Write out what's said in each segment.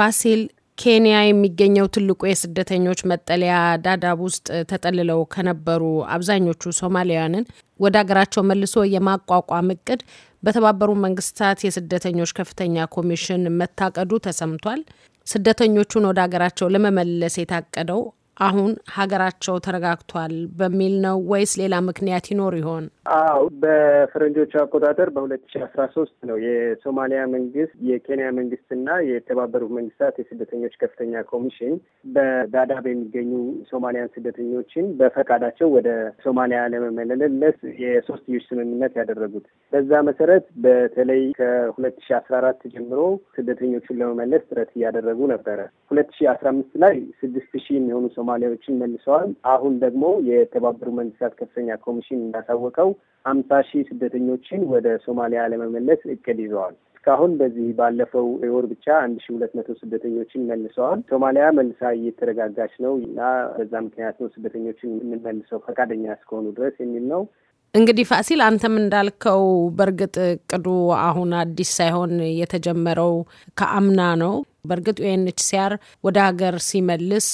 ፋሲል ኬንያ የሚገኘው ትልቁ የስደተኞች መጠለያ ዳዳብ ውስጥ ተጠልለው ከነበሩ አብዛኞቹ ሶማሊያውያንን ወደ ሀገራቸው መልሶ የማቋቋም እቅድ በተባበሩ መንግስታት የስደተኞች ከፍተኛ ኮሚሽን መታቀዱ ተሰምቷል። ስደተኞቹን ወደ ሀገራቸው ለመመለስ የታቀደው አሁን ሀገራቸው ተረጋግቷል በሚል ነው ወይስ ሌላ ምክንያት ይኖር ይሆን? አዎ በፈረንጆቹ አቆጣጠር በሁለት ሺ አስራ ሶስት ነው የሶማሊያ መንግስት የኬንያ መንግስትና የተባበሩት መንግስታት የስደተኞች ከፍተኛ ኮሚሽን በዳዳብ የሚገኙ ሶማሊያን ስደተኞችን በፈቃዳቸው ወደ ሶማሊያ ለመመለስ የሶስትዮሽ ስምምነት ያደረጉት። በዛ መሰረት በተለይ ከሁለት ሺ አስራ አራት ጀምሮ ስደተኞቹን ለመመለስ ጥረት እያደረጉ ነበረ። ሁለት ሺ አስራ አምስት ላይ ስድስት ሺህ የሚሆኑ ሶማሊያዎችን መልሰዋል። አሁን ደግሞ የተባበሩ መንግስታት ከፍተኛ ኮሚሽን እንዳሳወቀው ሀምሳ ሺህ ስደተኞችን ወደ ሶማሊያ ለመመለስ እቅድ ይዘዋል። እስካሁን በዚህ ባለፈው ወር ብቻ አንድ ሺ ሁለት መቶ ስደተኞችን መልሰዋል። ሶማሊያ መልሳ እየተረጋጋች ነው እና በዛ ምክንያት ነው ስደተኞችን የምንመልሰው ፈቃደኛ እስከሆኑ ድረስ የሚል ነው። እንግዲህ ፋሲል አንተም እንዳልከው በእርግጥ እቅዱ አሁን አዲስ ሳይሆን የተጀመረው ከአምና ነው። በእርግጥ ዩኤንኤችሲአር ወደ ሀገር ሲመልስ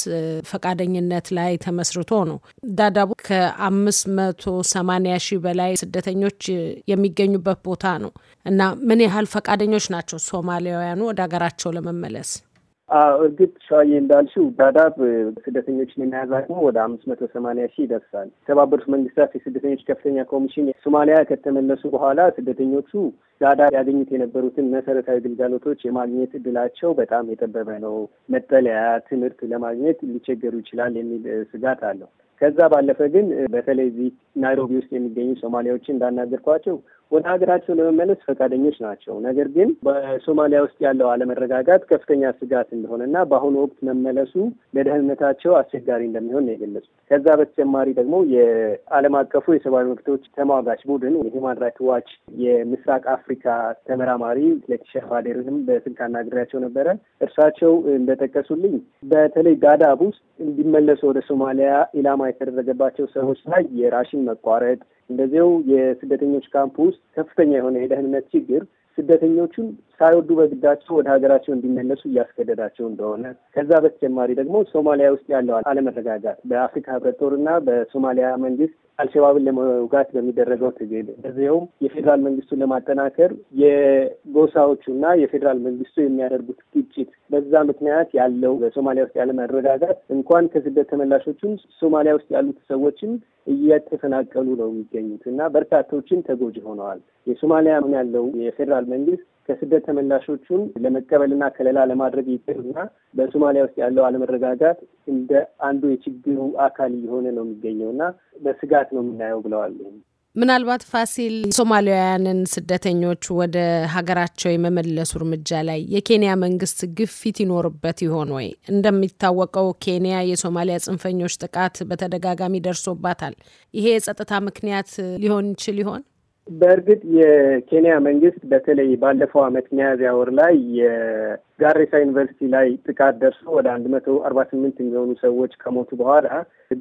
ፈቃደኝነት ላይ ተመስርቶ ነው። ዳዳቡ ከአምስት መቶ ሰማኒያ ሺህ በላይ ስደተኞች የሚገኙበት ቦታ ነው እና ምን ያህል ፈቃደኞች ናቸው ሶማሊያውያኑ ወደ ሀገራቸው ለመመለስ? እርግጥ ሸዋዬ እንዳልሽው ዳዳብ ስደተኞችን የመያዝ አቅሙ ወደ አምስት መቶ ሰማኒያ ሺህ ይደርሳል። የተባበሩት መንግስታት የስደተኞች ከፍተኛ ኮሚሽን ሶማሊያ ከተመለሱ በኋላ ስደተኞቹ ዳዳብ ያገኙት የነበሩትን መሰረታዊ ግልጋሎቶች የማግኘት እድላቸው በጣም የጠበበ ነው። መጠለያ፣ ትምህርት ለማግኘት ሊቸገሩ ይችላል የሚል ስጋት አለው። ከዛ ባለፈ ግን በተለይ እዚህ ናይሮቢ ውስጥ የሚገኙ ሶማሊያዎችን እንዳናገርኳቸው ወደ ሀገራቸው ለመመለስ ፈቃደኞች ናቸው። ነገር ግን በሶማሊያ ውስጥ ያለው አለመረጋጋት ከፍተኛ ስጋት እንደሆነና በአሁኑ ወቅት መመለሱ ለደህንነታቸው አስቸጋሪ እንደሚሆን ነው የገለጹት። ከዛ በተጨማሪ ደግሞ የዓለም አቀፉ የሰብአዊ መብቶች ተሟጋች ቡድን የሂማን ራይት ዋች የምስራቅ አፍሪካ ተመራማሪ ለቲሻ ባዴርንም በስልክ አናግሬያቸው ነበረ። እርሳቸው እንደጠቀሱልኝ በተለይ ጋዳብ ውስጥ እንዲመለሱ ወደ ሶማሊያ ኢላማ የተደረገባቸው ሰዎች ላይ የራሽን መቋረጥ እንደዚው የስደተኞች ካምፕ ውስጥ ከፍተኛ የሆነ የደህንነት ችግር ስደተኞቹን ሳይወዱ በግዳቸው ወደ ሀገራቸው እንዲመለሱ እያስገደዳቸው እንደሆነ፣ ከዛ በተጨማሪ ደግሞ ሶማሊያ ውስጥ ያለው አለመረጋጋት በአፍሪካ ህብረት ጦርና በሶማሊያ መንግስት አልሸባብን ለመውጋት በሚደረገው ትግል በዚያውም የፌዴራል መንግስቱን ለማጠናከር የጎሳዎቹና የፌዴራል መንግስቱ የሚያደርጉት ግጭት በዛ ምክንያት ያለው በሶማሊያ ውስጥ ያለመረጋጋት እንኳን ከስደት ተመላሾቹም ሶማሊያ ውስጥ ያሉት ሰዎችም እየተፈናቀሉ ነው የሚገኙት እና በርካቶችን ተጎጂ ሆነዋል። የሶማሊያ ያለው የፌዴራል መንግስት ከስደት ተመላሾቹን ለመቀበልና ከለላ ለማድረግ ይቅርና በሶማሊያ ውስጥ ያለው አለመረጋጋት እንደ አንዱ የችግሩ አካል እየሆነ ነው የሚገኘው እና በስጋት ነው የምናየው ብለዋል። ምናልባት ፋሲል ሶማሊያውያንን ስደተኞች ወደ ሀገራቸው የመመለሱ እርምጃ ላይ የኬንያ መንግስት ግፊት ይኖርበት ይሆን ወይ? እንደሚታወቀው ኬንያ የሶማሊያ ጽንፈኞች ጥቃት በተደጋጋሚ ደርሶባታል። ይሄ የጸጥታ ምክንያት ሊሆን ይችል ይሆን? በእርግጥ የኬንያ መንግስት በተለይ ባለፈው አመት ሚያዝያ ወር ላይ ጋሬሳ ዩኒቨርሲቲ ላይ ጥቃት ደርሶ ወደ አንድ መቶ አርባ ስምንት የሚሆኑ ሰዎች ከሞቱ በኋላ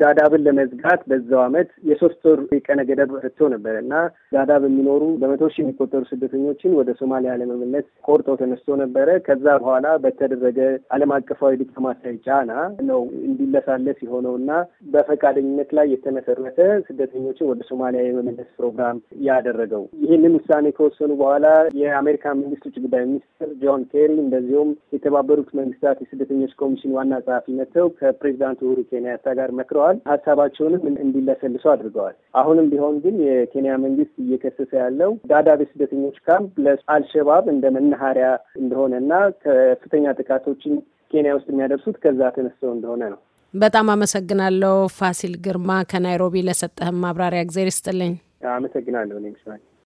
ዳዳብን ለመዝጋት በዛው አመት የሶስት ወር የቀነ ገደብ ሰጥቶ ነበር እና ዳዳብ የሚኖሩ በመቶ ሺህ የሚቆጠሩ ስደተኞችን ወደ ሶማሊያ ለመመለስ ቆርጦ ተነስቶ ነበረ። ከዛ በኋላ በተደረገ ዓለም አቀፋዊ ዲፕሎማሲያዊ ጫና ነው እንዲለሳለስ የሆነው እና በፈቃደኝነት ላይ የተመሰረተ ስደተኞችን ወደ ሶማሊያ የመመለስ ፕሮግራም ያደረገው። ይህንን ውሳኔ ከወሰኑ በኋላ የአሜሪካ መንግስት ውጭ ጉዳይ ሚኒስትር ጆን ኬሪ እንደዚሁ እንዲሁም የተባበሩት መንግስታት የስደተኞች ኮሚሽን ዋና ጸሐፊ መጥተው ከፕሬዚዳንቱ ኡሁሩ ኬንያታ ጋር መክረዋል። ሀሳባቸውንም እንዲለሰልሱ አድርገዋል። አሁንም ቢሆን ግን የኬንያ መንግስት እየከሰሰ ያለው ዳዳብ የስደተኞች ካምፕ ለአልሸባብ እንደ መናኸሪያ እንደሆነና ከፍተኛ ጥቃቶችን ኬንያ ውስጥ የሚያደርሱት ከዛ ተነስተው እንደሆነ ነው። በጣም አመሰግናለሁ ፋሲል ግርማ ከናይሮቢ ለሰጠህም ማብራሪያ እግዜር ይስጥልኝ። አመሰግናለሁ። እኔ